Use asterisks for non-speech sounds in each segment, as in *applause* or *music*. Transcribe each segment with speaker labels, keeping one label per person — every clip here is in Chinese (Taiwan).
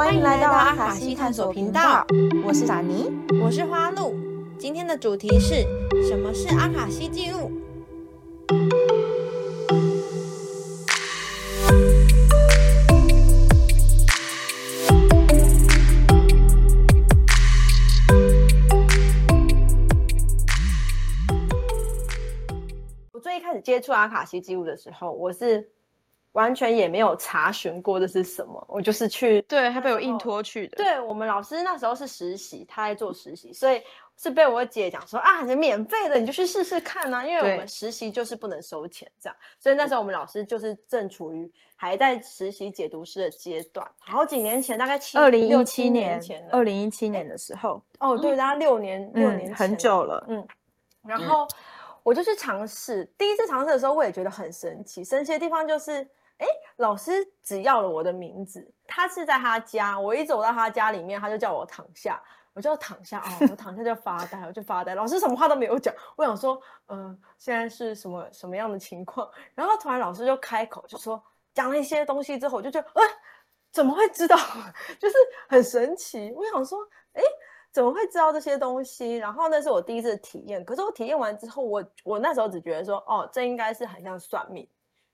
Speaker 1: 歡迎來到阿
Speaker 2: 卡西探索頻道，我是薩尼，我是花鹿。今天的主題是：什麼是阿卡西記錄？我最一開始接觸阿卡西記錄的時候，我是。完全也沒有查詢過這是什麼，我就是去，對，還被我硬拖去的。哦、對，我們老師那時候是實習，他在做實習，所以是被我姐講說啊，你免費的你就去試試看啊，因為我們實習就是不能收錢這樣，對所以那時候我們老師就是正處於還在實習解讀師的階段，好幾年前，大概七二零一七年，二零一七年的時候，哦年對，大家六年、嗯、六年、嗯、很久了，嗯，然後、嗯、我就去嘗試，第一次嘗試的時候，我也覺得很神奇，神奇的地方就是。哎，老師只要了我的名字，他是在他家，我一走到他家裡面，他就叫我躺下，我就躺下啊、哦，我躺下就發呆， *laughs* 我就發呆。老師什麼話都沒有講，我想說，嗯、呃，現在是什麼什麼樣的情況？然後突然老師就開口就說，講了一些東西之後，我就覺得，哎，怎麼會知道？就是很神奇。我想說，哎，怎麼會知道這些東西？然後那是我第一次的體驗，可是我體驗完之後，我我那時候只覺得說，哦，這應該是很像算命。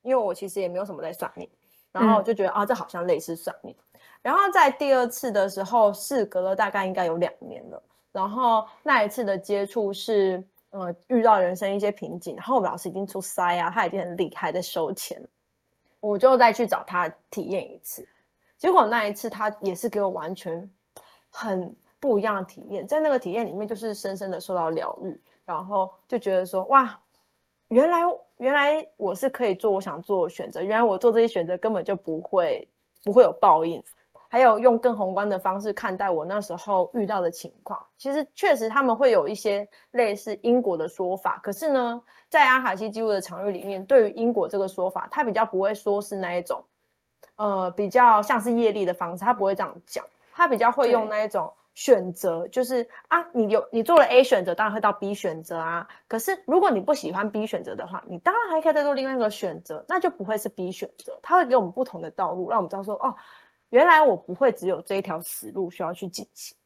Speaker 2: 因為我其實也沒有什麼在算命，然後就覺得、嗯、啊，這好像類似算命。然後在第二次的時候，事隔了大概應該有兩年了。然後那一次的接觸是，呃，遇到人生一些瓶頸。然後我們老師已經出塞啊，他已經很厲害，在收錢。我就再去找他體驗一次。結果那一次他也是給我完全很不一樣的體驗，在那個體驗裡面就是深深的受到療癒，然後就覺得說哇，原來。原來我是可以做我想做的選擇，原來我做這些選擇根本就不會不會有報應，還有用更宏觀的方式看待我那時候遇到的情況。其實確實他們會有一些類似因果的說法，可是呢，在阿卡西記錄的場域裡面，對於因果這個說法，他比較不會說是那一種，呃，比較像是業力的方式，他不會這樣講，他比較會用那一種。選擇就是啊，你有你做了 A 選擇，當然會到 B 選擇啊。可是如果你不喜歡 B 選擇的話，你當然還可以再做另外一個選擇，那就不會是 B 選擇。它會給我們不同的道路，讓我們知道說，哦，原來我不會只有這一條死路需要去進行。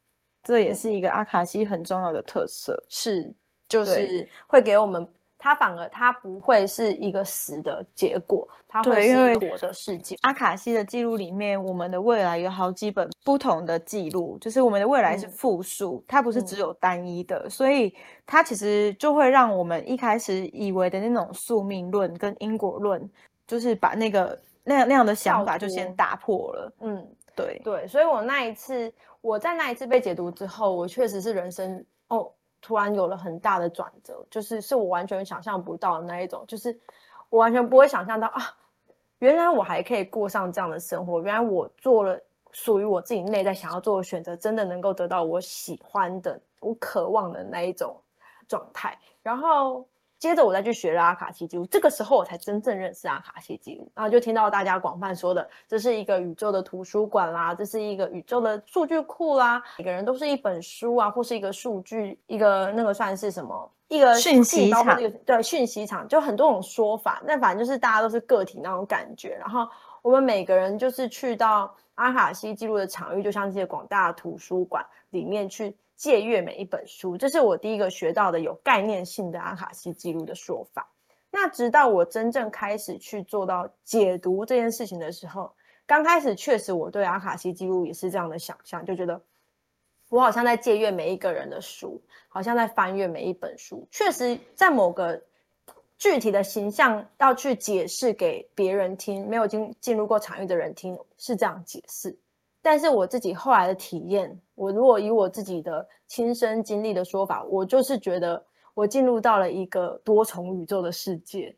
Speaker 2: 這也是一個阿卡西很重要的特色，是就是對會給我們。它反而，它不會是一個死的結果，它會是一個活的世界。阿卡西的記錄裡面，我們的未來有好幾本不同的記錄，就是我們的未來是複數、嗯、它不是只有單一的，嗯、所以它其實就會讓我們一開始以為的那種宿命論跟因果論，就是把那個，那那樣的想法就先打破了。嗯，對對，所以我那一次，我在那一次被解讀之後，我確實是人生哦突然有了很大的轉折，就是是我完全想象不到的那一種，就是我完全不會想象到啊，原來我還可以過上這樣的生活，原來我做了屬於我自己內在想要做的選擇，真的能夠得到我喜歡的、我渴望的那一種狀態，然後。接着我再去學了阿卡西記錄，這個時候我才真正認識阿卡西記錄。然後就聽到大家廣泛說的，這是一個宇宙的圖書館啦，這是一個宇宙的數據庫啦，每個人都是一本書啊，或是一個數據，一個那個算是什麼，一個訊息場包括個，對，訊息場，就很多種說法。但反正就是大家都是個體那種感覺。然後我們每個人就是去到阿卡西記錄的場域，就像這些廣大圖書館裡面去。借閱每一本書，這是我第一個學到的有概念性的阿卡西記錄的說法。那直到我真正開始去做到解讀這件事情的時候，剛開始確實我對阿卡西記錄也是這樣的想象，就覺得我好像在借閱每一個人的書，好像在翻閱每一本書。確實，在某個具體的形象要去解釋給別人聽，沒有進進入過場域的人聽，是這樣解釋。但是我自己後來的體驗，我如果以我自己的親身經歷的說法，我就是覺得我進入到了一個多重宇宙的世界，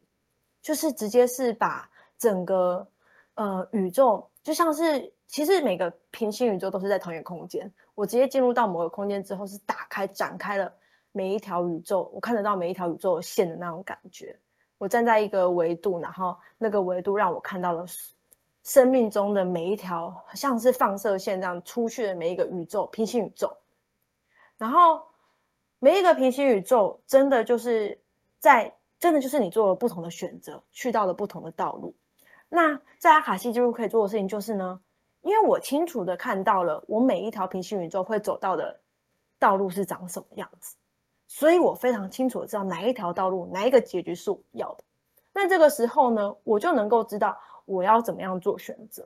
Speaker 2: 就是直接是把整個呃，宇宙就像是其實每個平行宇宙都是在同一個空間，我直接進入到某個空間之後是打開展開了每一條宇宙，我看得到每一條宇宙線的那種感覺，我站在一個維度，然後那個維度讓我看到了。生命中的每一條，像是放射線這樣出去的每一個宇宙、平行宇宙，然後每一個平行宇宙真的就是在真的就是你做了不同的選擇，去到了不同的道路。那在阿卡西記錄可以做的事情就是呢，因為我清楚的看到了我每一條平行宇宙會走到的道路是長什麼樣子，所以我非常清楚的知道哪一條道路、哪一個結局是我要的。那這個時候呢，我就能夠知道。我要怎麼樣做選擇？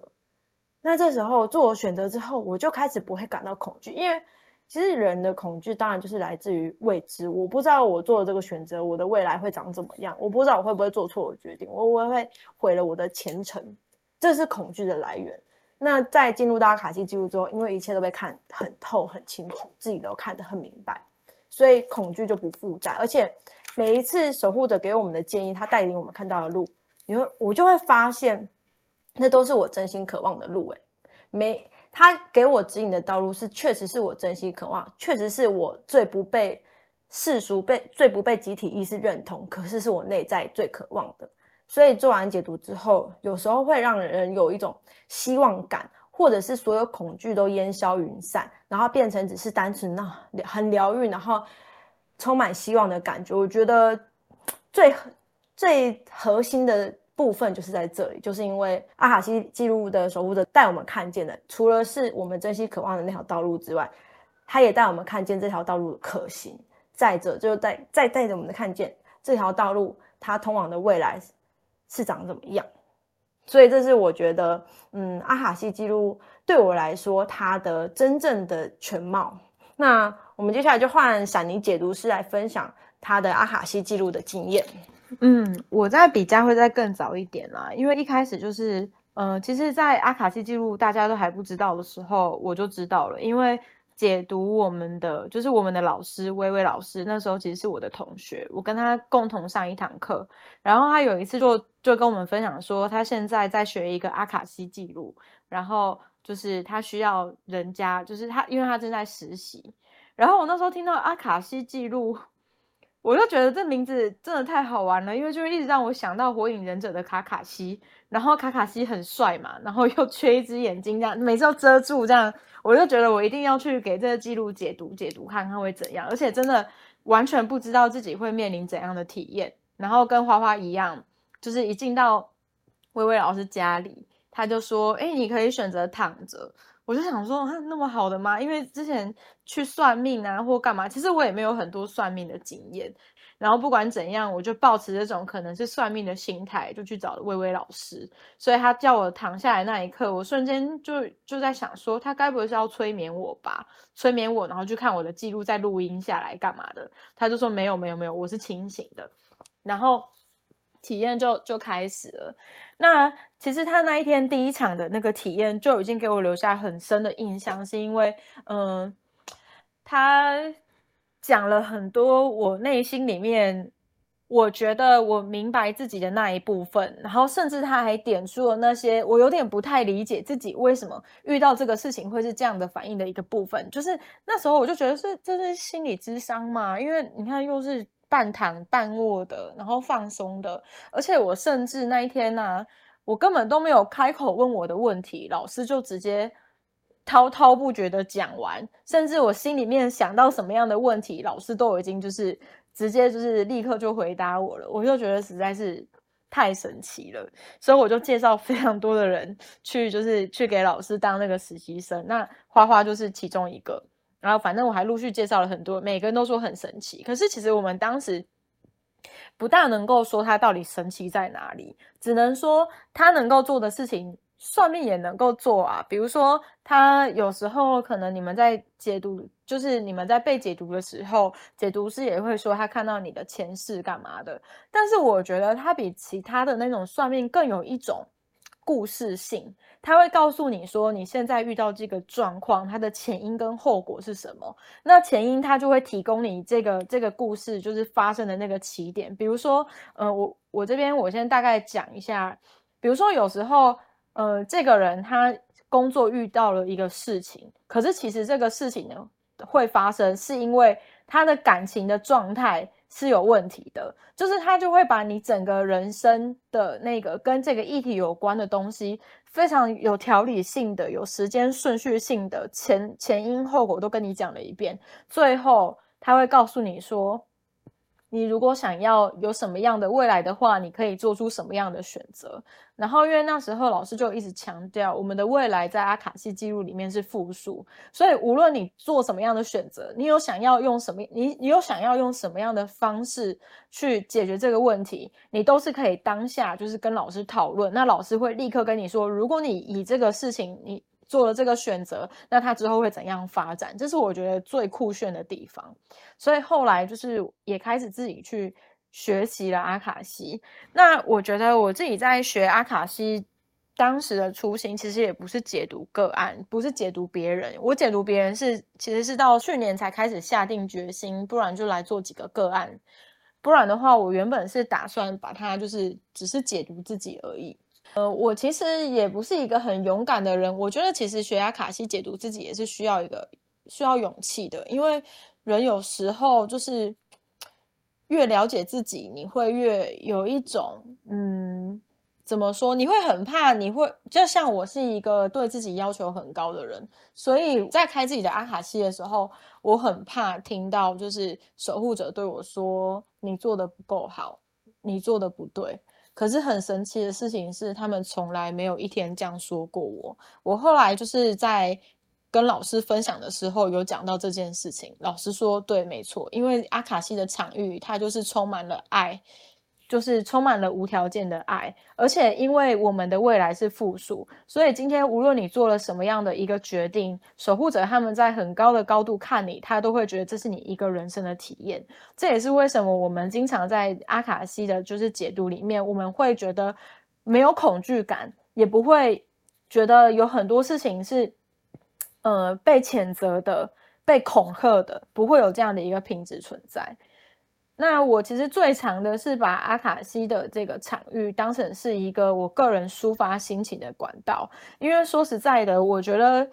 Speaker 2: 那這時候做選擇之後，我就開始不會感到恐懼，因為其實人的恐懼當然就是來自於未知。我不知道我做的這個選擇，我的未來會長怎麼樣？我不知道我會不會做錯我決定，我會不會毀了我的前程？這是恐懼的來源。那在進入到阿卡西記錄之後，因為一切都被看很透、很清楚，自己都看得很明白，所以恐懼就不負債。而且每一次守護者給我們的建議，他帶領我們看到的路。你說，我就會發現，那都是我真心渴望的路。哎，沒他給我指引的道路是確實是我真心渴望，確實是我最不被世俗被最不被集體意識認同，可是是我內在最渴望的。所以做完解讀之後，有時候會讓人有一種希望感，或者是所有恐懼都煙消雲散，然後變成只是單純那很療癒，然後充滿希望的感覺。我覺得最。最核心的部分就是在這裡，就是因為阿卡西記錄的守護者帶我們看見的，除了是我們珍惜渴望的那條道路之外，他也帶我們看見這條道路的可行。再者，就帶再帶着我們的看見這條道路，它通往的未來是長怎麼樣？所以，這是我覺得，嗯，阿卡西記錄對我來說，它的真正的全貌。那我們接下來就換閃尼解讀師來分享他的阿卡西記錄的經驗。嗯，我在比佳慧再更早一點啦，因為一開始就是，嗯、呃，其實，在阿卡西記錄大家都還不知道的時候，我就知道了，因為解讀我們的就是我們的老師薇薇老師，那時候其實是我的同學，我跟他共同上一堂課，然後他有一次就就跟我們分享說，他現在在學一個阿卡西記錄，然後就是他需要人家，就是他因為他正在實習，然後我那時候聽到阿卡西記錄。我就覺得這名字真的太好玩了，因為就是一直讓我想到《火影忍者》的卡卡西，然後卡卡西很帥嘛，然後又缺一隻眼睛，這樣每次都遮住，這樣我就覺得我一定要去給這個記錄解讀解讀看看會怎樣，而且真的完全不知道自己會面臨怎樣的體驗。然後跟花花一樣，就是一進到薇薇老師家裡，她就說：“誒，你可以選擇躺着。”我就想說，他、啊、那麼好的嗎？因為之前去算命啊，或幹嘛，其實我也沒有很多算命的經驗。然後不管怎樣，我就抱持這種可能是算命的心態，就去找了薇薇老師。所以他叫我躺下來那一刻，我瞬間就就在想說，他該不會是要催眠我吧？催眠我，然後去看我的記錄再錄音下來幹嘛的？他就說沒有沒有沒有，我是清醒的。然後。體驗就就開始了。那其實他那一天第一場的那個體驗就已經給我留下很深的印象，是因為，嗯，他講了很多我內心裡面，我覺得我明白自己的那一部分，然後甚至他還點出了那些我有點不太理解自己為什麼遇到這個事情會是這樣的反應的一個部分。就是那時候我就覺得是這是心理諮商嘛，因為你看又是。半躺半臥的，然後放鬆的，而且我甚至那一天呢、啊，我根本都沒有開口問我的問題，老師就直接滔滔不絕的講完，甚至我心裡面想到什麼樣的問題，老師都已經就是直接就是立刻就回答我了，我就覺得實在是太神奇了，所以我就介紹非常多的人去就是去給老師當那個實習生，那花花就是其中一個。然後，反正我還陸續介紹了很多，每個人都說很神奇。可是其實我們當時不大能夠說他到底神奇在哪裡，只能說他能夠做的事情，算命也能夠做啊。比如說，他有時候可能你們在解讀，就是你們在被解讀的時候，解讀師也會說他看到你的前世幹嘛的。但是我覺得他比其他的那種算命更有一種故事性，它會告訴你說，你現在遇到這個狀況，它的前因跟後果是什麼。那前因它就會提供你這個這個故事，就是發生的那個起點。比如說，呃，我我這邊，我先大概講一下。比如說，有時候，呃，這個人他工作遇到了一個事情，可是其實這個事情呢會發生，是因為他的感情的狀態。是有問題的，就是他就會把你整個人生的那個跟這個議題有關的東西，非常有條理性的、有時間順序性的，前前因後果都跟你講了一遍，最後他會告訴你說，你如果想要有什麼樣的未來的話，你可以做出什麼樣的選擇？然後，因為那時候老師就一直強調，我們的未來在阿卡西記錄裡面是複數，所以無論你做什麼樣的選擇，你有想要用什麼，你你有想要用什麼樣的方式去解決這個問題，你都是可以當下就是跟老師討論。那老師會立刻跟你說，如果你以這個事情你。做了這個選擇，那他之後會怎樣發展？這是我覺得最酷炫的地方。所以後來就是也開始自己去學習了阿卡西。那我覺得我自己在學阿卡西，當時的初心其實也不是解讀個案，不是解讀別人。我解讀別人是其實是到去年才開始下定決心，不然就來做幾個個案。不然的話，我原本是打算把它就是只是解讀自己而已。呃，我其實也不是一個很勇敢的人。我覺得其實學阿卡西解讀自己也是需要一個需要勇氣的，因為人有時候就是越了解自己，你會越有一種嗯，怎麼說？你會很怕，你會就像我是一個對自己要求很高的人，所以在開自己的阿卡西的時候，我很怕聽到就是守護者對我說：“你做得不夠好，你做得不對。”可是很神奇的事情是，他們從來沒有一天這樣說過我。我後來就是在跟老師分享的時候，有講到這件事情。老師說：“對，沒錯，因為阿卡西的場域，它就是充滿了愛。”就是充滿了無條件的愛，而且因為我們的未來是複數，所以今天無論你做了什麼樣的一個決定，守護者他們在很高的高度看你，他都會覺得這是你一個人生的體驗。這也是為什麼我們經常在阿卡西的就是解讀裡面，我們會覺得沒有恐懼感，也不會覺得有很多事情是呃被譴責的、被恐嚇的，不會有這樣的一個品質存在。那我其實最常的是把阿卡西的這個場域當成是一個我個人抒發心情的管道，因為說實在的，我覺得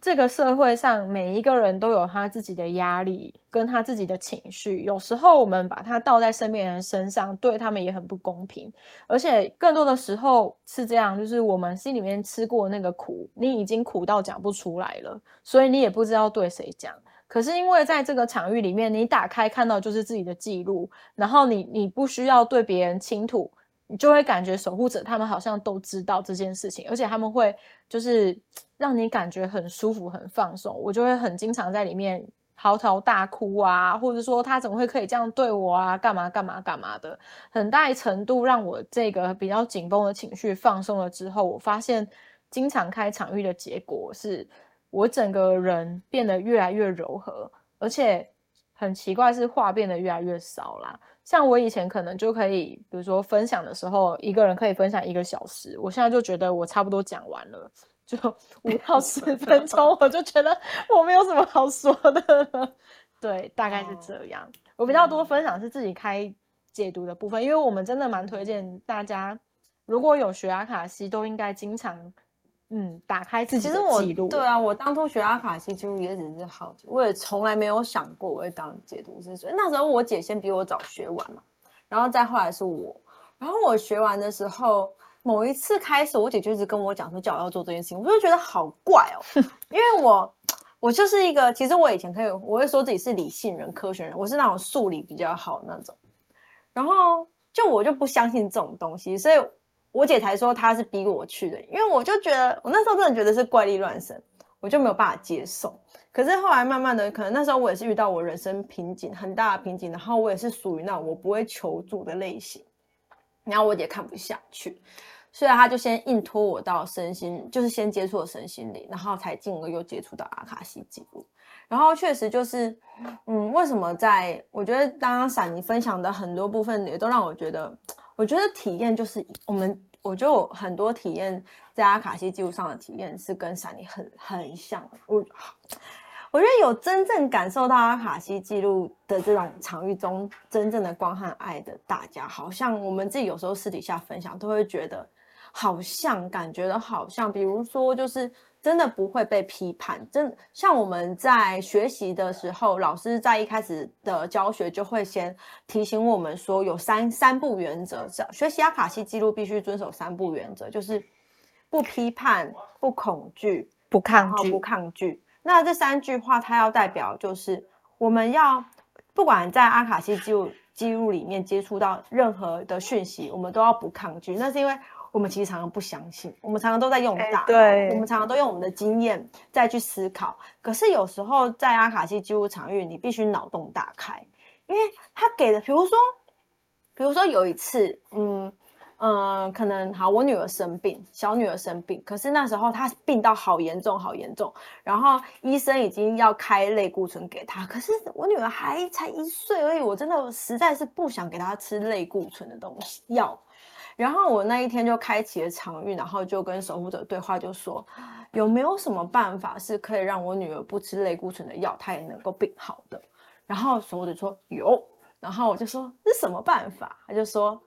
Speaker 2: 這個社會上每一個人都有他自己的壓力跟他自己的情緒，有時候我們把它倒在身邊人身上，對他們也很不公平，而且更多的時候是這樣，就是我們心裡面吃過那個苦，你已經苦到講不出來了，所以你也不知道對誰講。可是因為在這個場域裡面，你打開看到就是自己的記錄，然後你你不需要對別人傾吐，你就會感覺守護者他們好像都知道這件事情，而且他們會就是讓你感覺很舒服、很放鬆。我就會很經常在裡面嚎啕大哭啊，或者說他怎麼會可以這樣對我啊？幹嘛幹嘛幹嘛的，很大程度讓我這個比較緊繃的情緒放鬆了之後，我發現經常開場域的結果是。我整個人變得越來越柔和，而且很奇怪，是話變得越來越少啦。像我以前可能就可以，比如說分享的時候，一個人可以分享一個小時，我現在就覺得我差不多講完了，就五到十分鐘，我就覺得我沒有什麼好說的了。對，大概是這樣。我比較多分享是自己開解讀的部分，因為我們真的蠻推薦大家，如果有學阿卡西，都應該經常。嗯，打開自己其實我，對啊，我當初學阿卡西其實也只是好奇，我也從來沒有想過我會當解讀師。所以那時候我姐先比我早學完嘛，然後再後來是我。然後我學完的時候，某一次開始，我姐就一直跟我講說叫我要做這件事情，我就覺得好怪哦，因為我我就是一個，其實我以前可以，我會說自己是理性人、科學人，我是那種數理比較好的那種，然後就我就不相信這種東西，所以。我姐才說她是逼我去的，因為我就覺得我那時候真的覺得是怪力亂神，我就沒有辦法接受。可是後來慢慢的，可能那時候我也是遇到我人生瓶頸，很大的瓶頸，然後我也是屬於那種我不會求助的類型，然後我姐看不下去，所以他就先硬拖我到身心，就是先接觸了身心靈，然後才進而又接觸到阿卡西記錄。然後確實就是，嗯，為什麼在我覺得剛剛閃妮分享的很多部分也都讓我覺得。我覺得體驗就是我們，我覺得我很多體驗在阿卡西記錄上的體驗是跟閃離很很像的。我我覺得有真正感受到阿卡西記錄的這種場域中真正的光和愛的大家，好像我們自己有時候私底下分享都會覺得好像感覺的好像，比如說就是。真的不會被批判，真，像我們在學習的時候，老師在一開始的教學就會先提醒我們說，有三三不原則，學習阿卡西記錄必須遵守三不原則，就是不批判、不恐懼、不抗拒、不抗拒。那這三句話，它要代表就是我們要不管在阿卡西記錄記錄裡面接觸到任何的訊息，我們都要不抗拒，那是因為。我們其實常常不相信，我們常常都在用大，欸，對，我們常常都用我們的經驗再去思考。可是有時候在阿卡西紀錄場域，你必須腦洞大開，因為他給的，比如說，比如說有一次，嗯嗯、呃，可能好，我女兒生病，小女兒生病，可是那時候她病到好嚴重，好嚴重，然後醫生已經要開類固醇給她，可是我女兒還才一歲，所以我真的實在是不想給她吃類固醇的東西藥。然後我那一天就開啟了長運，然後就跟守護者對話，就說有沒有什麼辦法是可以讓我女兒不吃類固醇的藥，她也能夠病好的？然後守護者說有，然後我就說這什麼辦法？他就說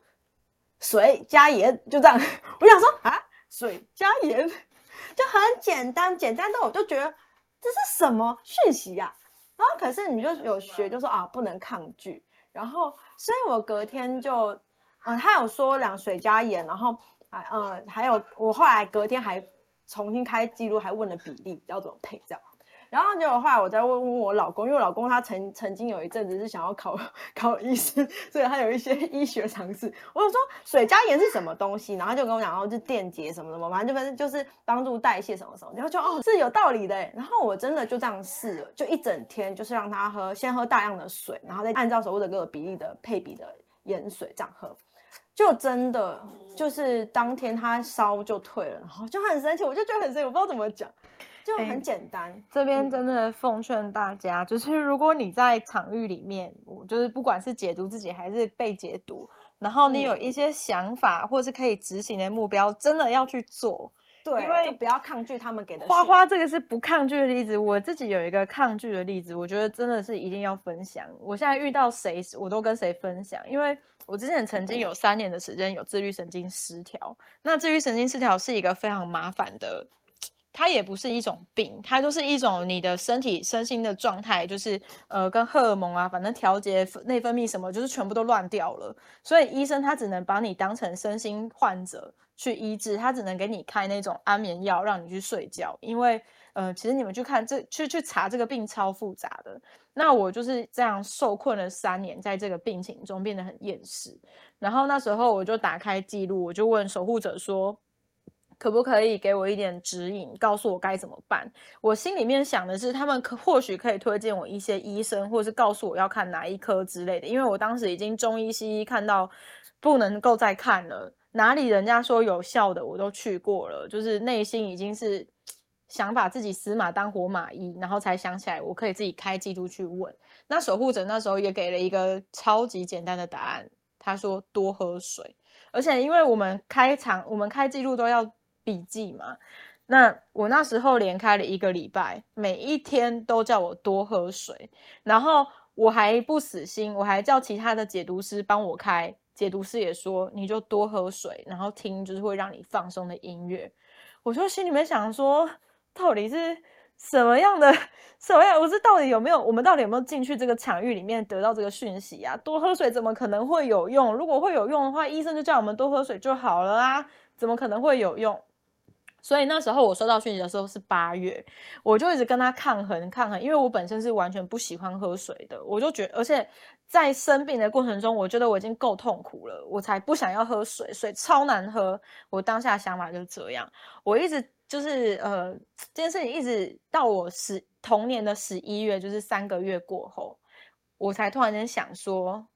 Speaker 2: 水加鹽，就這樣。我想說啊，水加鹽就很簡單，簡單到我就覺得這是什麼訊息呀？啊，然後可是你就有學就說啊，不能抗拒。然後，所以我隔天就。嗯，他有說兩水加鹽，然後啊，嗯還有我後來隔天還重新開記錄，還問了比例要怎麼配這樣。然後就後來我再問問我老公，因為我老公他曾曾經有一陣子是想要考考醫師，所以他有一些醫學常識。我就說水加鹽是什麼東西，然後他就跟我講，然後就是電解什麼什麼，反正就是就是幫助代謝什麼什麼。然後就哦，是有道理的。然後我真的就這樣試了，就一整天就是讓他喝，先喝大量的水，然後再按照所謂的各個比例的配比的鹽水這樣喝。就真的就是當天他燒就退了，然後就很神奇，我就覺得很神奇，我不知道怎麼講，就很簡單。欸，這邊真的奉勸大家，嗯，就是如果你在場域裡面，我就是不管是解讀自己還是被解讀，然後你有一些想法或是可以執行的目標，真的要去做。對，因為不要抗拒他們給的事。花花這個是不抗拒的例子。我自己有一個抗拒的例子，我覺得真的是一定要分享。我現在遇到誰，我都跟誰分享，因為我之前曾經有三年的時間有自律神經失調。嗯。那自律神經失調是一個非常麻煩的，它也不是一種病，它就是一種你的身體身心的狀態，就是呃，跟荷爾蒙啊，反正調節內分泌什麼，就是全部都亂掉了。所以醫生他只能把你當成身心患者。去醫治，他只能給你開那種安眠藥，讓你去睡覺。因為，呃，其實你們去看這去去查這個病超複雜的。那我就是這樣受困了三年，在這個病情中變得很厭世。然後那時候我就打開紀錄，我就問守護者說，可不可以給我一點指引，告訴我該怎麼辦？我心裡面想的是，他們可或許可以推薦我一些醫生，或是告訴我要看哪一科之類的。因為我當時已經中醫西醫看到不能夠再看了。哪裡人家說有效的，我都去過了，就是內心已經是想把自己死馬當活馬醫，然後才想起來，我可以自己開記錄去問。那守護者那時候也給了一個超級簡單的答案，他說多喝水。而且因為我們開場我們開記錄都要筆記嘛，那我那時候連開了一個禮拜，每一天都叫我多喝水，然後我還不死心，我還叫其他的解讀師幫我開。解讀師也說，你就多喝水，然後聽就是會讓你放鬆的音樂。我就心裡面想說，到底是什麼樣的，什麼呀？我是到底有沒有？我們到底有沒有進去這個場域裡面得到這個訊息啊？多喝水怎麼可能會有用？如果會有用的話，醫生就叫我們多喝水就好了啊。怎麼可能會有用？所以那時候我收到訊息的時候是八月，我就一直跟他抗衡抗衡，因為我本身是完全不喜歡喝水的，我就覺得，而且。在生病的過程中，我覺得我已經夠痛苦了，我才不想要喝水，水超難喝。我當下想法就是這樣，我一直就是呃，這件事情一直到我十同年的十一月，就是三個月過後，我才突然間想說，啊、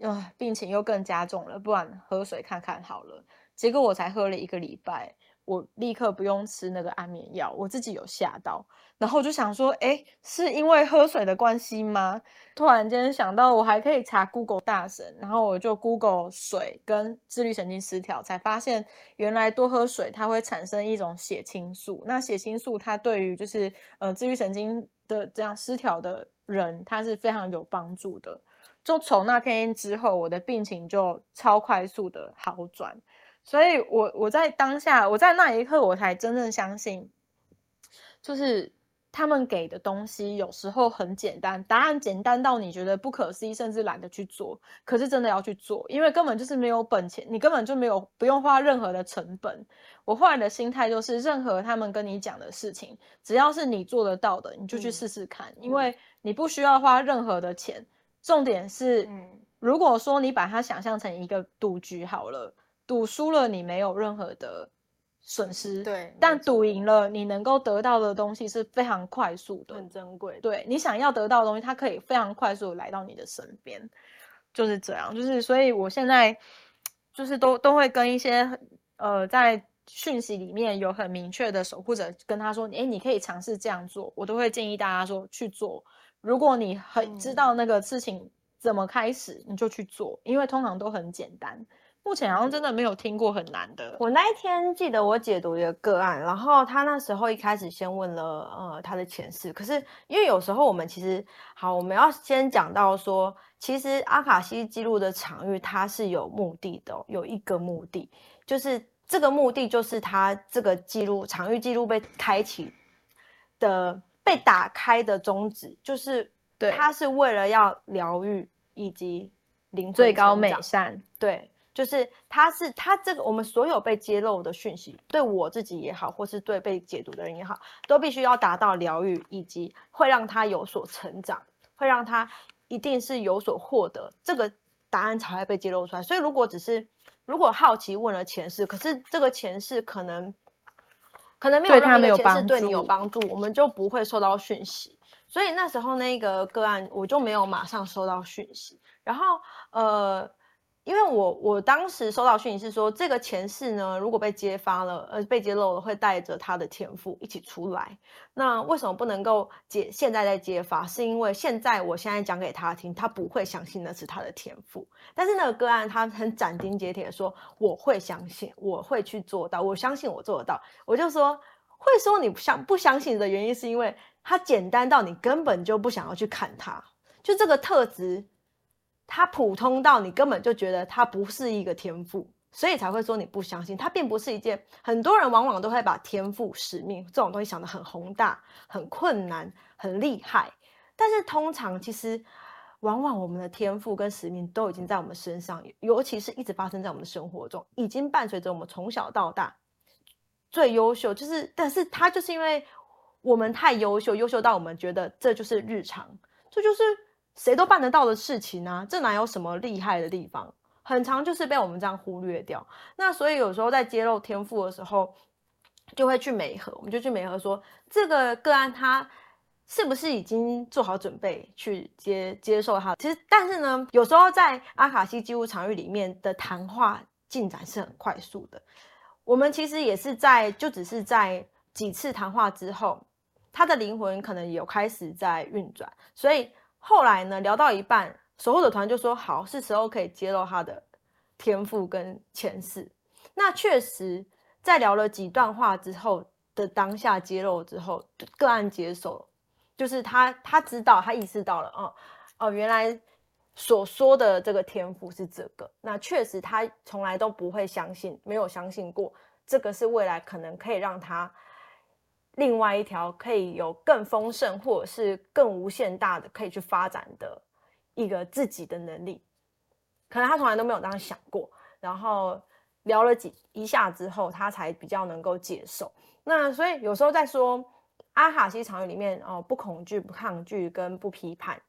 Speaker 2: 呃，病情又更加重了，不然喝水看看好了。結果我才喝了一個禮拜。我立刻不用吃那個安眠藥，我自己有嚇到，然後我就想說，哎，是因為喝水的關係嗎？突然間想到，我還可以查 Google 大神，然後我就 Google 水跟自律神經失調，才發現原來多喝水它會產生一種血清素，那血清素它對於就是呃自律神經的這樣失調的人，它是非常有幫助的。就從那天之後，我的病情就超快速的好轉。所以，我我在當下，我在那一刻，我才真正相信，就是他們給的東西有時候很簡單，答案簡單到你覺得不可思議，甚至懶得去做。可是真的要去做，因為根本就是沒有本錢，你根本就沒有不用花任何的成本。我後來的心態就是，任何他們跟你講的事情，只要是你做得到的，你就去試試看，因為你不需要花任何的錢。重點是，如果說你把它想象成一個賭局，好了。賭輸了，你沒有任何的損失。對，但賭贏了，你能夠得到的東西是非常快速的，很珍貴。對，你想要得到的東西，它可以非常快速來到你的身邊，就是這樣。就是，所以我現在就是都都會跟一些呃，在訊息裡面有很明確的守護者，跟他說：“誒，你可以嘗試這樣做。”我都會建議大家說去做。如果你很知道那個事情怎麼開始，嗯、你就去做，因為通常都很簡單。目前好像真的沒有聽過很難的，嗯。我那一天記得我解讀一個個案，然後他那時候一開始先問了呃，他的前世。可是因為有時候我們其實好，我們要先講到說，其實阿卡西記錄的場域它是有目的的，哦，有一個目的，就是這個目的就是他這個記錄場域記錄被開啟的被打開的宗旨，就是對他是為了要療癒以及靈魂最高美善對。就是他是他。這個我們所有被揭露的訊息，對我自己也好，或是對被解讀的人也好，都必須要達到療癒，以及會讓他有所成長，會讓他一定是有所獲得。這個答案才會被揭露出來。所以，如果只是如果好奇問了前世，可是這個前世可能可能沒有對他沒有幫助，對你有幫助，我們就不會收到訊息。所以那時候那個個案，我就沒有馬上收到訊息。然後，呃。因為我我當時收到訊息是說，這個前世呢，如果被揭發了，呃，被揭露了，會帶着他的天賦一起出來。那為什麼不能夠解？現在在揭發，是因為現在我現在講給他聽，他不會相信那是他的天賦。但是那個個案，他很斬釘截鐵說，我會相信，我會去做到，我相信我做得到。我就說，會說你不相，不相信的原因，是因為他簡單到你根本就不想要去看他，就這個特質。它普通到你根本就覺得它不是一個天賦，所以才會說你不相信。它並不是一件，很多人往往都會把天賦、使命這種東西想得很宏大、很困難、很厲害。但是通常其實，往往我們的天賦跟使命都已經在我們身上，尤其是一直發生在我們的生活中，已經伴隨着我們從小到大。最優秀就是，但是他就是因為我們太優秀，優秀到我們覺得這就是日常，這就是。誰都辦得到的事情啊，這哪有什麼厲害的地方？很常就是被我們這樣忽略掉。那所以有時候在揭露天賦的時候，就會去美和，我們就去美和說，這個個案他是不是已經做好準備去接接受他？其實，但是呢，有時候在阿卡西紀錄場域裡面的談話進展是很快速的。我們其實也是在就只是在幾次談話之後，他的靈魂可能有開始在運轉，所以。後來呢，聊到一半，守護者團就說：“好，是時候可以揭露他的天賦跟前世。”那確實，在聊了幾段話之後的當下揭露之後，就個案接受，就是他他知道，他意識到了，哦哦，原來所說的這個天賦是這個。那確實，他從來都不會相信，沒有相信過，這個是未來可能可以讓他。另外一條可以有更豐盛或者是更無限大的可以去發展的一個自己的能力，可能他從來都沒有這樣想過。然後聊了幾一下之後，他才比較能夠接受。那所以有時候在說阿卡西場域裡面哦，不恐懼、不抗拒跟不批判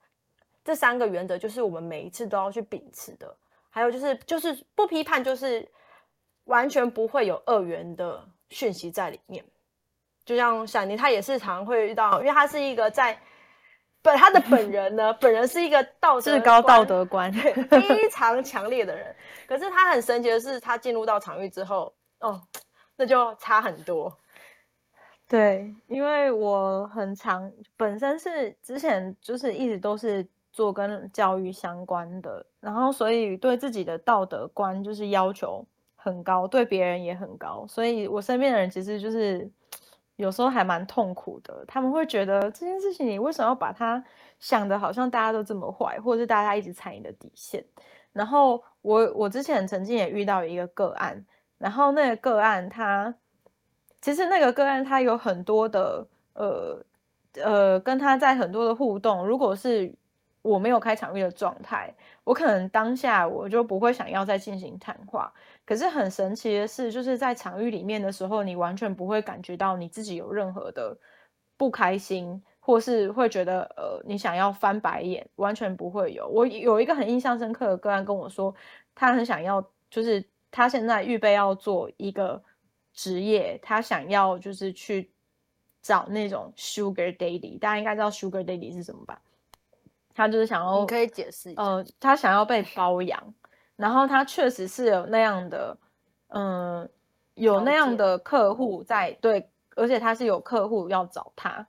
Speaker 2: 這三個原則，就是我們每一次都要去秉持的。還有就是就是不批判，就是完全不會有二元的訊息在裡面。就像小妮，他也是常會遇到，因為他是一個在本他的本人呢， *laughs* 本人是一個道德高道德觀 *laughs* 非常強烈的人。可是他很神奇的是，他進入到場域之後，哦，那就差很多。對，因為我很常本身是之前就是一直都是做跟教育相關的，然後所以對自己的道德觀就是要求很高，對別人也很高，所以我身邊的人其實就是。有時候還蠻痛苦的，他們會覺得這件事情，你為什麼要把它想的好像大家都這麼壞，或者是大家一直踩你的底線。然後我我之前曾經也遇到一個個案，然後那個個案他其實那個個案他有很多的呃呃跟他在很多的互動，如果是我沒有開場域的狀態，我可能當下我就不會想要再進行談話。可是很神奇的是，就是在場域裡面的時候，你完全不會感覺到你自己有任何的不開心，或是會覺得呃你想要翻白眼，完全不會有。我有一個很印象深刻的個案跟我說，他很想要，就是他現在預備要做一個職業，他想要就是去找那種 sugar daddy，大家應該知道 sugar daddy 是什麼吧？他就是想要，你可以解釋一下。呃，他想要被包養。然後他確實是有那樣的，嗯，有那樣的客戶在，對，而且他是有客戶要找他。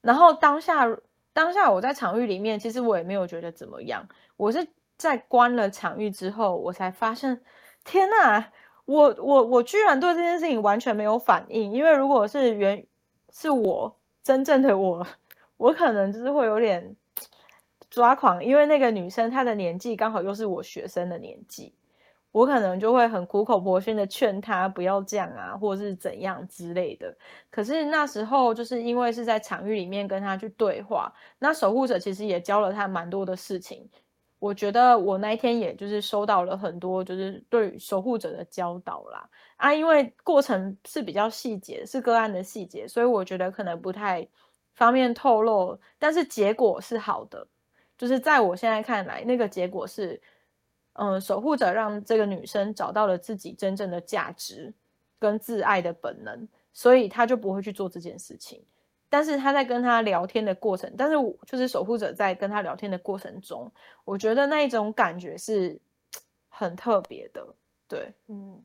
Speaker 2: 然後當下，當下我在場域裡面，其實我也沒有覺得怎麼樣。我是在關了場域之後，我才發現，天吶，我我我居然對這件事情完全沒有反應。因為如果是原，是我真正的我，我可能就是會有點。抓狂，因為那個女生她的年紀剛好又是我學生的年紀，我可能就會很苦口婆心的勸她不要這樣啊，或者是怎樣之類的。可是那時候就是因為是在場域裡面跟她去對話，那守護者其實也教了她蠻多的事情。我覺得我那一天也就是收到了很多就是對守護者的教導啦啊，因為過程是比較細節，是個案的細節，所以我覺得可能不太方便透露，但是結果是好的。就是在我現在看來，那個結果是，嗯、呃，守護者讓這個女生找到了自己真正的價值跟自愛的本能，所以她就不會去做這件事情。但是她在跟他聊天的過程，但是我就是守護者在跟他聊天的過程中，我覺得那一種感覺是很特別的。對，嗯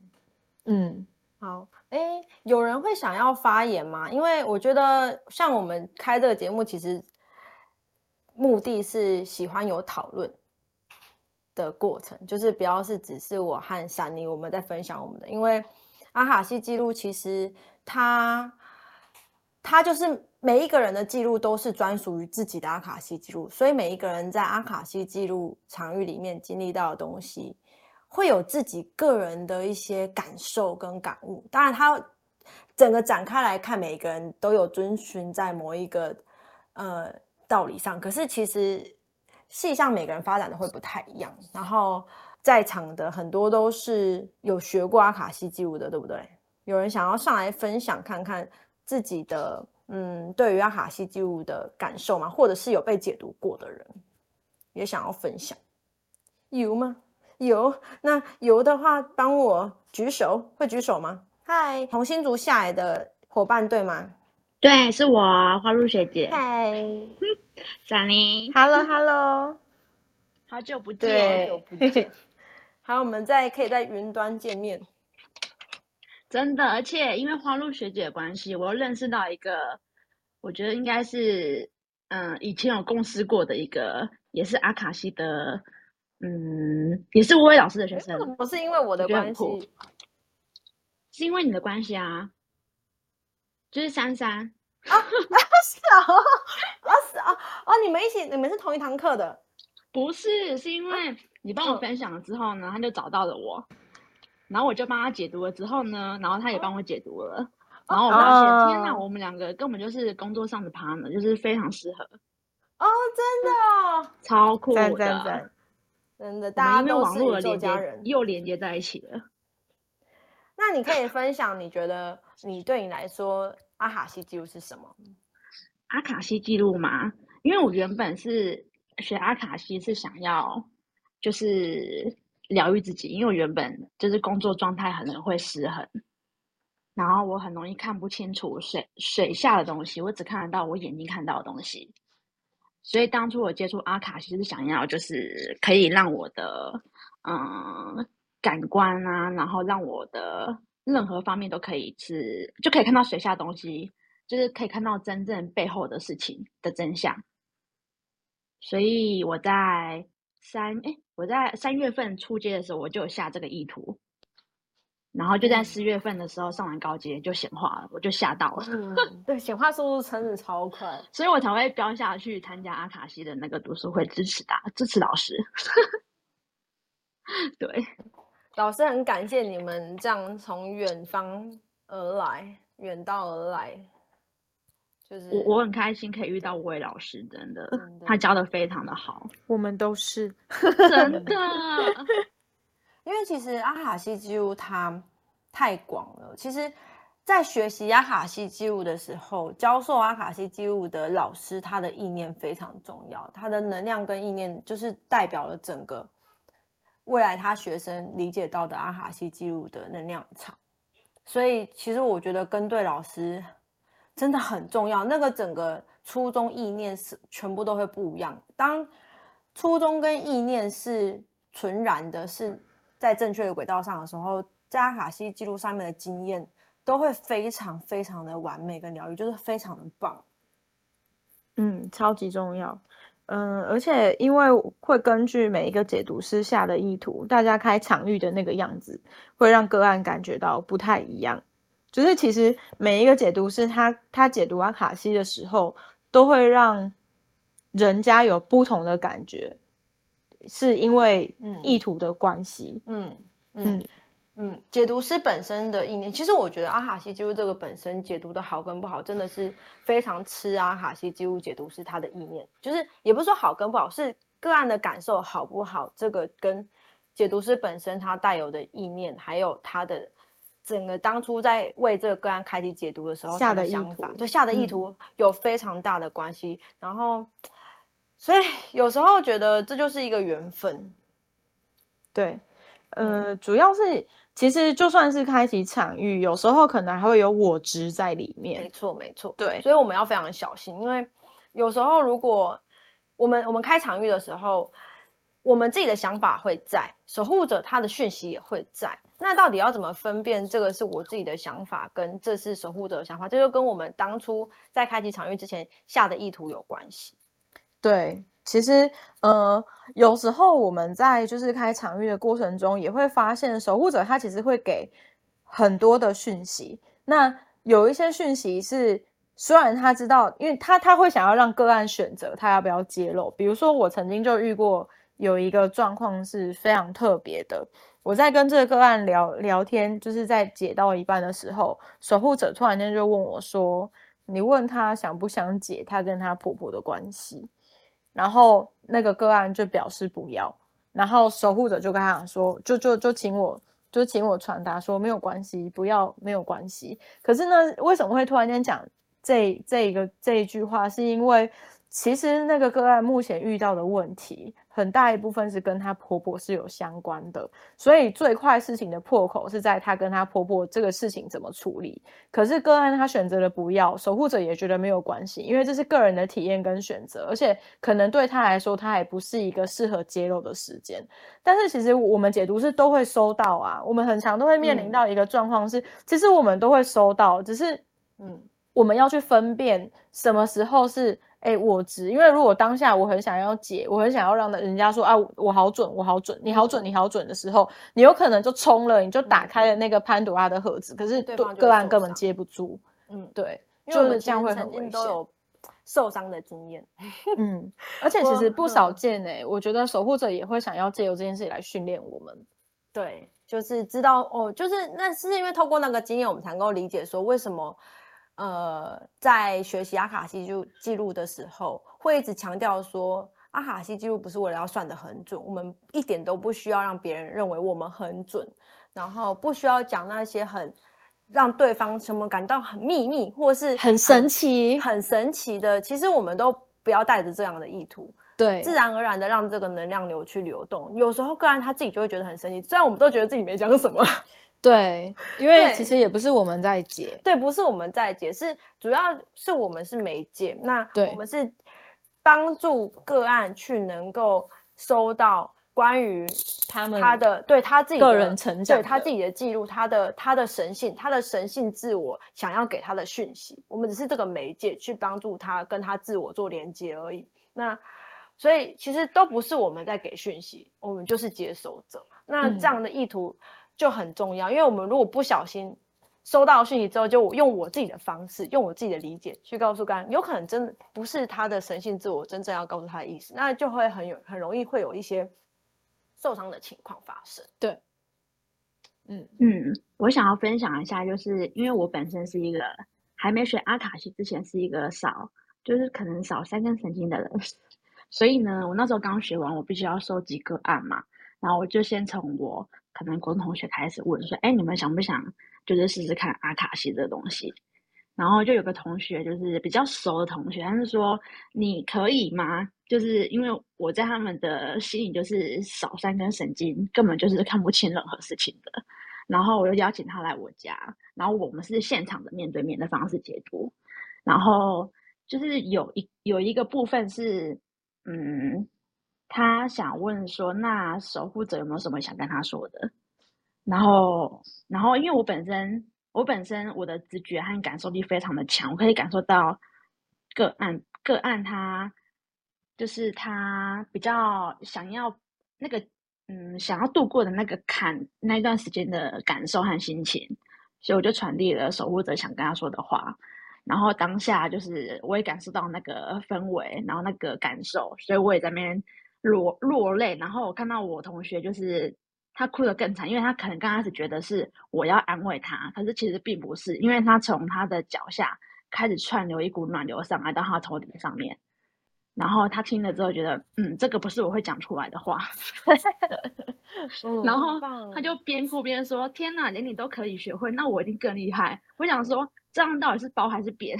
Speaker 2: 嗯，嗯，好，哎，有人會想要發言嗎？因為我覺得像我們開這個節目，其實。目的是喜歡有討論的過程，就是不要是只是我和珊妮，我們在分享我們的，因為阿卡西記錄其實它它就是每一個人的記錄都是專屬於自己的阿卡西記錄，所以每一個人在阿卡西記錄場域裡面經歷到的東西，會有自己個人的一些感受跟感悟。當然，它整個展開來看，每一個人都有遵循在某一個呃。道理上，可是其實事實上，每個人發展的會不太一樣。然後在場的很多都是有學過阿卡西記錄的，對不對？有人想要上來分享看看自己的，嗯，對於阿卡西記錄的感受嗎？或者是有被解讀過的人也想要分享，有嗎？有，那有的話幫我舉手，會舉手嗎？嗨 Hi，從新竹下來的夥伴，對嗎？
Speaker 1: 對，是我花露學姐。
Speaker 2: 嗨，展林。Hello，Hello，好久不見，好久不
Speaker 1: 見。
Speaker 2: *laughs* 好，我們在可以在雲端見面。
Speaker 1: 真的，而且因為花露學姐的關係，我又認識到一個，我覺得應該是嗯、呃，以前有共事過的一個，也是阿卡西的，嗯，也是吳偉老師的學生。不是因為我的關係，是因為你的關係啊。就是珊珊啊，是啊，啊是啊，哦，你們一起，你們是同一堂課的，不是？是因為你幫我分享了之後呢，他就找到了我，然後我就幫他解讀了之後呢，然後他也幫我解讀了，然後我發現，天哪，我們兩個根本就是工作上的 partner，就是非常適合
Speaker 2: 哦，真的，
Speaker 1: 超酷的，真的，大家都是網絡的家人，又連接在一起了。
Speaker 2: 那你可以分享，你覺得？你對你來說，阿卡西記錄是什麼？
Speaker 1: 阿卡西記錄嗎？因為我原本是學阿卡西，是想要就是療癒自己，因為我原本就是工作狀態可能會失衡，然後我很容易看不清楚水水下的東西，我只看得到我眼睛看到的東西，所以當初我接觸阿卡西是想要就是可以讓我的嗯感官啊，然後讓我的。任何方面都可以吃，就可以看到水下東西，就是可以看到真正背後的事情的真相。所以我在三誒我在三月份初階的時候，我就有下這個意圖，然後就在四月份的時候上完高階就顯化了，我就嚇到了。嗯、對，顯化速度真的超快，所以我才會飆下去參加阿卡西的那個讀書會，支持他，支持老師。 *laughs* 對。老師很感謝你們
Speaker 2: 這樣從遠方而來，遠道而來，就是我我
Speaker 1: 很開心可以遇到五位老師，對真的，他教的非常的好，我們都是
Speaker 2: *laughs* 真的， *laughs* 因為其實阿卡西記錄它太廣了，其實在學習阿卡西記錄的時候，教授阿卡西記錄的老師他的意念非常重要，他的能量跟意念就是代表了整個。未來他學生理解到的阿卡西記錄的能量場，所以其實我覺得跟對老師真的很重要。那個整個初衷意念是全部都會不一樣。當初衷跟意念是純然的，是在正確的軌道上的時候，在阿卡西記錄上面的經驗都會非常非常的完美跟療癒，就是非常的棒。嗯，超級重要。嗯，而且因為會根據每一個解讀師下的意圖，大家開場域的那個樣子，會讓個案感覺到不太一樣。就是其實每一個解讀師他他解讀阿卡西的時候，都會讓人家有不同的感覺，是因為意圖的關係。嗯嗯。嗯嗯嗯嗯，解讀師本身的意念，其實我覺得阿卡西紀錄這個本身解讀的好跟不好，真的是非常吃阿卡西紀錄解讀師他的意念，就是也不是說好跟不好，是個案的感受好不好，這個跟解讀師本身他帶有的意念，還有他的整個當初在為這個個案開啟解讀的時候下的想法，下就下的意圖有非常大的關係。嗯、然後，所以有時候覺得這就是一個緣分，對，呃，嗯、主要是。其實就算是開啟場域，有時候可能還會有我執在裡面。沒錯，沒錯。對，所以我們要非常的小心，因為有時候如果我們我們開場域的時候，我們自己的想法會在，守護者他的訊息也會在。那到底要怎麼分辨這個是我自己的想法，跟這是守護者的想法？這就跟我們當初在開啟場域之前下的意圖有關係。對。其實，呃，有時候我們在就是開場域的過程中，也會發現守護者他其實會給很多的訊息。那有一些訊息是雖然他知道，因為他他會想要讓個案選擇他要不要揭露。比如說，我曾經就遇過有一個狀況是非常特別的，我在跟這個個案聊聊天，就是在解到一半的時候，守護者突然間就問我說：“你問他想不想解他跟他婆婆的關係？”然後那個個案就表示不要，然後守護者就跟他講說，就就就請我，就請我傳達說沒有關係，不要，沒有關係。可是呢，為什麼會突然間講這這一個這一句話？是因為其實那個個案目前遇到的問題。很大一部分是跟她婆婆是有相關的，所以最快事情的破口是在她跟她婆婆這個事情怎麼處理。可是個案她選擇了不要，守護者也覺得沒有關係，因為這是個人的體驗跟選擇，而且可能對她來說，她也不是一個適合揭露的時間。但是其實我們解讀是都會收到啊，我們很常都會面臨到一個狀況是，其實我們都會收到，只是嗯，我們要去分辨什麼時候是。哎、欸，我值，因為如果當下我很想要解，我很想要讓人家說啊我，我好準，我好準，你好準，你好準的時候，你有可能就衝了，你就打開了那個潘朵拉的盒子，嗯、可是對個案根本接不住，嗯，對，就是這樣會很危險。曾經都有受傷的經驗， *laughs* 嗯，而且其實不少見誒、欸。我，我，我覺得守護者也會想要借由這件事情來訓練我們，對，就是知道哦，就是那是因為透過那個經驗，我們才能夠理解說為什麼。呃，在學習阿卡西就記錄的時候，會一直強調說，阿卡西記錄不是為了要算得很準，我們一點都不需要讓別人認為我們很準，然後不需要講那些很讓對方什麼感到很秘密，或是很，很神奇、很神奇的。其實我們都不要帶着這樣的意圖，對，自然而然的讓這個能量流去流動。有時候個人他自己就會覺得很神奇，雖然我們都覺得自己沒講什麼。對，因為其實也不是我們在接，對，不是我們在接，是主要是我們是媒介。那我們是幫助個案去能夠收到關於他，他們他的對他自己的個人成長，對他自己的記錄，他的他的神性，他的神性自我想要給他的訊息。我們只是這個媒介去幫助他跟他自我做連接而已。那所以其實都不是我們在給訊息，我們就是接收者。那這樣的意圖。嗯就很重要，因為我們如果不小心收到訊息之後，就我用我自己的方式，用我自己的理解去告訴個案，有可能真的不是他的神性自我，我真正要告訴他的意思，那就會很有很容易會有一些受傷的情況發生。
Speaker 1: 對，嗯嗯，我想要分享一下，就是因為我本身是一個還沒學阿卡西之前是一個少，就是可能少三根神經的人，所以呢，我那時候剛學完，我必須要收集個案嘛，然後我就先從我。可能國中同學開始問說：“哎、欸，你們想不想就是試試看阿卡西的東西？”然後就有個同學，就是比較熟的同學，他是說：“你可以嗎？”就是因為我在他們的心裡就是少三根神經，根本就是看不清任何事情的。然後我就邀請他來我家，然後我們是現場的面對面的方式解讀。然後就是有一有一個部分是，嗯。他想問說：“那守護者有沒有什麼想跟他說的？”然後，然後，因為我本身，我本身，我的直覺和感受力非常的強，我可以感受到個案，個案他就是他比較想要那個，嗯，想要度過的那個坎，那一段時間的感受和心情，所以我就傳遞了守護者想跟他說的話。然後當下就是我也感受到那個氛圍，然後那個感受，所以我也在那邊。落落淚，然後我看到我同學，就是他哭得更慘，因為他可能剛開始覺得是我要安慰他，可是其實並不是，因為他從他的腳下開始竄流一股暖流上來到他頭頂上面，然後他聽了之後覺得，嗯，這個不是我會講出來的話， *laughs* 哦、 *laughs* 然後他就邊哭邊說，哦、天吶，連你都可以學會，那我一定更厲害。我想說，這樣到底是褒還是貶？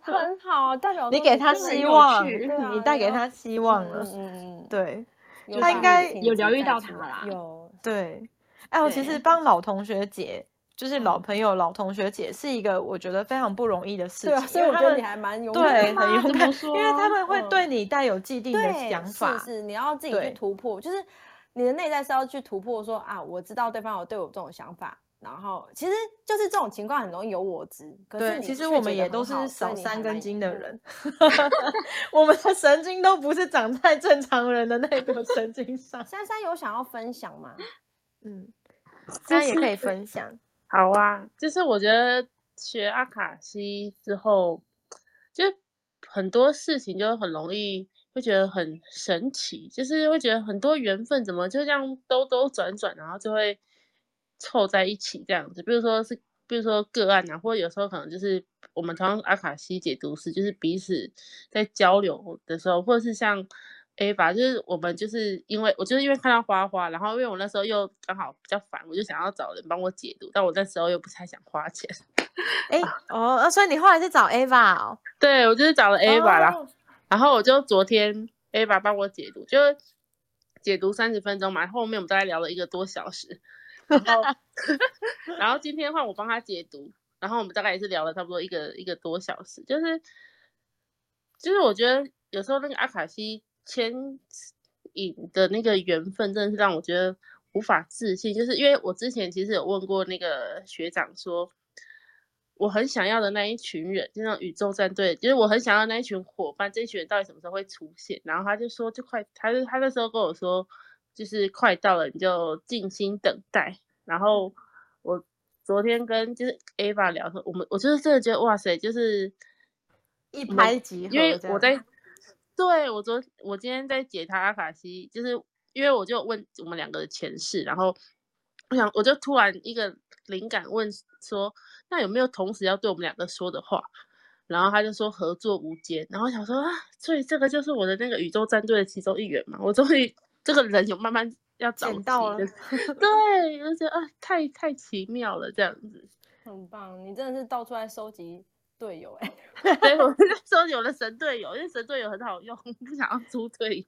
Speaker 2: 很好，代表你給他希望，你帶給他
Speaker 1: 希望了。嗯嗯對，
Speaker 2: 他應該有療癒到他啦。有對，哎，我其實幫老同學解，就是老朋友、老同學解，是一個我覺得非常不容易的事情。對，所以我覺得你還蠻勇敢的，很勇敢，因為他們會對你帶有既定的想法，是你要自己去突破，就是你的內在是要去突破，說啊，我知道對方有對我這種想法。然後其實就是這種情況很容易有我執。可是對，其實我們也都是少三根筋的人， *laughs* *laughs* 我們的神經都不是長在正常人的那個神經上。珊珊有想要分享嗎？嗯，珊也可以分享，
Speaker 3: 就是。好啊，就是我覺得學阿卡西之後，就很多事情就很容易會覺得很神奇，就是會覺得很多緣分怎麼就這樣兜兜轉轉，轉，然後就會。湊在一起這樣子，比如說是，比如說個案啊，或者有時候可能就是我們通常阿卡西解讀師，就是彼此在交流的時候，或者是像 Ava，、e、就是我們就是因為，我就是因為看到花花，然後因為我那時候又剛好比較煩，我就想要找人幫我解讀，但我那時候又不太想花錢。哎、
Speaker 2: 欸， *laughs* 哦，所以你後來是找 Ava，、
Speaker 3: 哦、對我就是找了 Ava、哦、然後我就昨天 Ava 幫我解讀，就解讀三十分鐘嘛，後面我們大概聊了一個多小時。 *laughs* 然後，然後今天換我幫他解讀。然後我們大概也是聊了差不多一個一個多小時，就是，就是我覺得有時候那個阿卡西牽引的那個緣分，真的是讓我覺得無法置信。就是因為我之前其實有問過那個學長說，我很想要的那一群人，就像宇宙戰隊，就是我很想要的那一群夥伴，這一群人到底什麼時候會出現？然後他就說，就快，他就他那時候跟我說。就是快到了，你就靜心等待。然後我昨天跟就是 Ava 聊的我們我就是真的覺得哇塞，就是一拍即合。因為我在對我昨我今天在解他阿卡西，就是因為我就問我們兩個的前世，然後我想我就突然一個靈感問說，那有沒有同時要對我們兩個說的話？然後他就說合作無間。然後想說啊，所以這個就是我的那個宇宙戰隊的其中一員嘛。我終於。這個人有慢慢要找到了， *laughs* 對，而且啊，太太奇妙了，這樣子
Speaker 2: 很棒。你真的是到處在 *laughs* *laughs* 收集隊友哎，我
Speaker 3: 們就收集了神隊友，因為神隊友很好用，不想要豬隊友。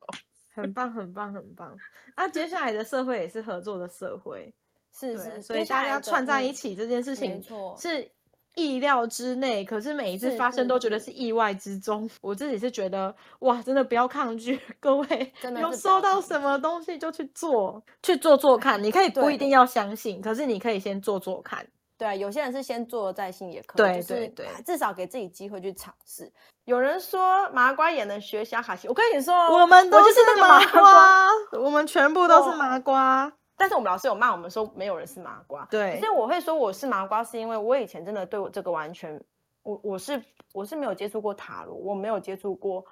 Speaker 2: 很棒，很棒，很棒。那、啊、接下來的社會也是合作的社會 *laughs* 對，是是，所以大家要串在一起這件事情沒錯是。意料之內，可是每一次發生都覺得是意外之中。是是是，我自己是覺得，哇，真的不要抗拒，各位，有收到什麼東西就去做，去做做看。你可以不一定要相信，對可是你可以先做做看。對、啊，有些人是先做再信也可以。對，就是，對對對，至少給自己機會去嘗試。有人說麻瓜也能學阿卡西，我跟你說，我們都是麻瓜，我，麻瓜我們全部都是麻瓜。Oh. 但是我們老師有罵我們說，沒有人是麻瓜。對。其實我會說我是麻瓜，是因為我以前真的對我這個完全，我我是我是沒有接觸過塔羅，我沒有接觸過，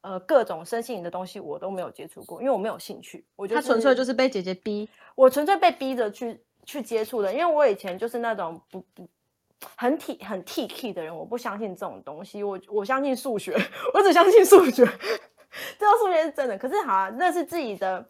Speaker 2: 呃，各種身心靈的東西我都沒有接觸過，因為我沒有興趣。我覺得他純粹就是被姐姐逼，我純粹被逼着去去接觸的，因為我以前就是那種不不很鐵很鐵齒的人，我不相信這種東西，我我相信數學， *laughs* 我只相信數學， *laughs* 這道數學是真的。可是好啊，那是自己的。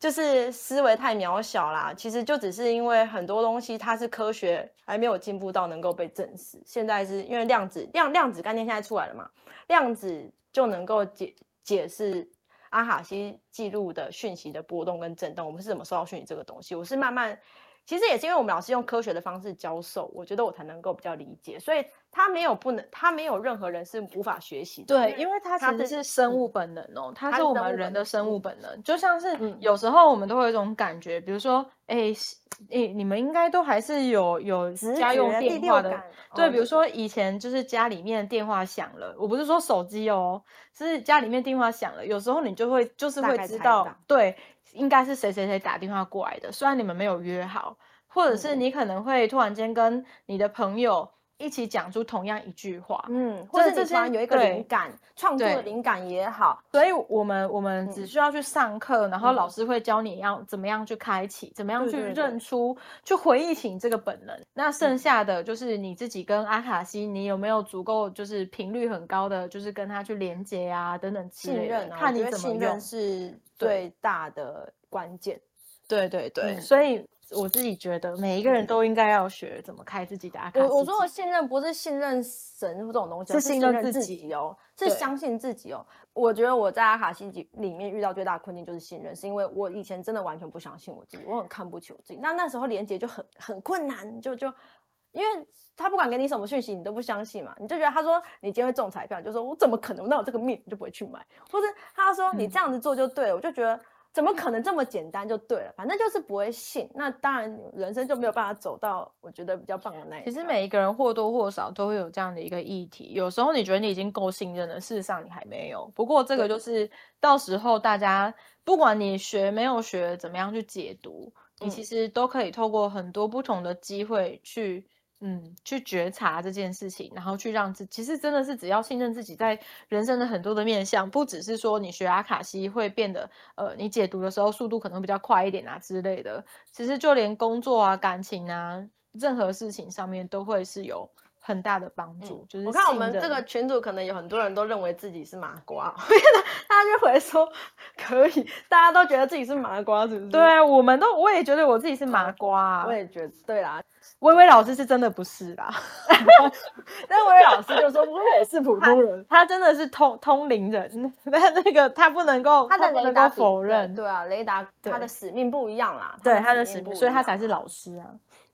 Speaker 2: 就是思維太渺小啦，其實就只是因為很多東西它是科學還沒有進步到能夠被證實。現在是因為量子量量子概念現在出來了嘛，量子就能夠解解釋阿卡西記錄的訊息的波動跟震動，我們是怎麼收到訊息這個東西，我是慢慢，其實也是因為我們老師用科學的方式教授，我覺得我才能夠比較理解，所以。他沒有不能，他沒有任何人是無法學習的。對，因為他其實是生物本能哦，他、嗯、是、是我們人的生物本能。嗯、就像是有時候我們都會有一種感覺，嗯、比如說，哎、欸，誒、欸、你們應該都還是有有家用電話的。嗯嗯嗯嗯、對，比如說以前就是家裡面電話響了，哦、我不是說手機哦，是家裡面電話響了。有時候你就會就是會知道，對，應該是誰誰誰打電話過來的。雖然你們沒有約好，或者是你可能會突然間跟你的朋友。嗯一起講出同樣一句話，嗯，
Speaker 1: 或者，這些或者你突然有一個靈
Speaker 2: 感，對創作的靈感也好，所以我們我們只需要去上課，嗯、然後老師會教你要怎麼樣去開啟，嗯、怎麼樣去認出，對對對，去回憶起這個本能。那剩下的就是你自己跟阿卡西，嗯、你有沒有足夠就是頻率很高的，就是跟他去連接呀、啊、等等，信任，看你怎麼用。信任是最大的關鍵。對，對對對，嗯、所以。我自己覺得每一個人都應該要學怎麼開自己的阿卡西對對對我。我我說的信任不是信任神這種東西，是信任自己哦，對是相信自己哦。我覺得我在阿卡西裡面遇到最大的困境就是信任，是因為我以前真的完全不相信我自己，我很看不起我自己。那那時候連結就很很困難，就就因為他不管給你什麼訊息，你都不相信嘛，你就覺得他說你今天會中彩票，就說我怎麼可能？那我有這個命就不會去買。或者他說你這樣子做就對了，嗯、我就覺得。怎麼可能這麼簡單就對了？反正就是不會信，那當然人生就沒有辦法走到我覺得比較棒的那一段。其實每一個人或多或少都會有這樣的一個議題，有時候你覺得你已經夠信任了，事實上你還沒有。不過這個就是到時候大家對不管你學沒有學，怎麼樣去解讀，你其實都可以透過很多不同的機會去。嗯，去覺察這件事情，然後去讓自，其實真的是只要信任自己，在人生的很多的面向，不只是說你學阿卡西會變得，呃，你解讀的時候速度可能比較快一點啊之類的，其實就連工作啊、感情啊、任何事情上面都會是有。很大的幫助，嗯、就是我看我們這個群組可能有很多人都認為自己是麻瓜、哦， *laughs* 他他就回說可以，大家都覺得自己是麻瓜，是不是？對、啊、我們都我也覺得我自己是麻瓜、啊嗯，我也覺得對啦。微微老師是真的不是啦， *laughs* *laughs* *laughs* 但微微老師就說，說我也是普通人他，他真的是通通靈人，那 *laughs* 那個他不能夠，他不能夠否認，對啊，雷達他的使命不一樣啦，對，他，對他的使命，所以他才是老師啊。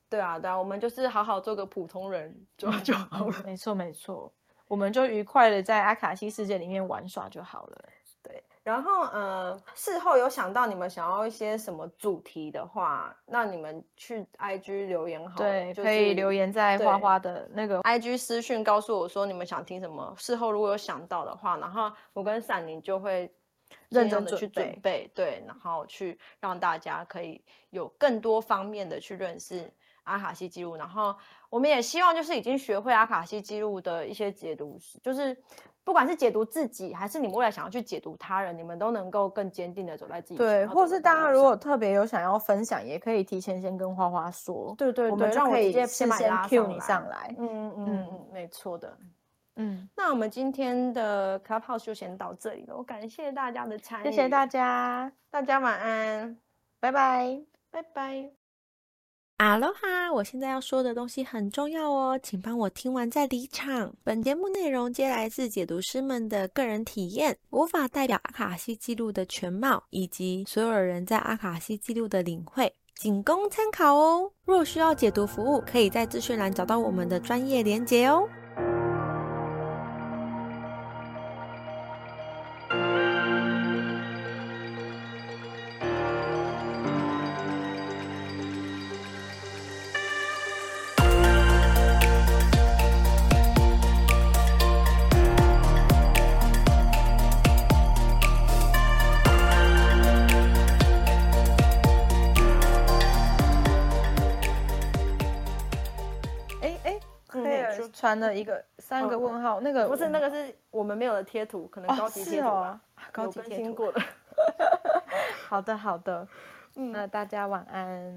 Speaker 2: 對啊，對啊，我們就是好好做個普通人就 *laughs* 就好了。沒錯，沒錯，我們就愉快的在阿卡西世界裡面玩耍就好了。對，然後，呃事後有想到你們想要一些什麼主題的話，那你們去 I G 留言好了，對，就是、可以留言在花花的那個對、那個、I G 私訊，告訴我說你們想聽什麼。事後如果有想到的話，然後我跟閃寧就會認真的去準備，對，然後去讓大家可以有更多方面的去認識、嗯。阿卡西記錄，然後我們也希望就是已經學會阿卡西記錄的一些解讀，就是不管是解讀自己，還是你們未來想要去解讀他人，你們都能夠更堅定的走在自己。對，或是大家如果特別有想要分享，也可以提前先跟花花說，對對對，我們就可以對對直接先拉上先 cue 你上來。嗯嗯嗯，沒錯的。嗯，那我們今天的 Clubhouse 就先到這裡了，我感謝大家的參與，謝謝大家，大家晚安，拜拜，拜拜。阿羅哈，ha，我現在要說的東西很重要哦，請幫我聽完再離場。本節目內容皆來自解讀師們的個人體驗，無法代表阿卡西記錄的全貌以及所有人在阿卡西記錄的領會，僅供參考哦。若需要解讀服務，可以在資訊欄找到我們的專業連結哦。傳了一個三個問號，哦、那個不是那個是我們沒有的貼圖，可能高級貼圖啊、哦哦，高級貼圖更新過了。 *laughs* 好的好的，那大家晚安。嗯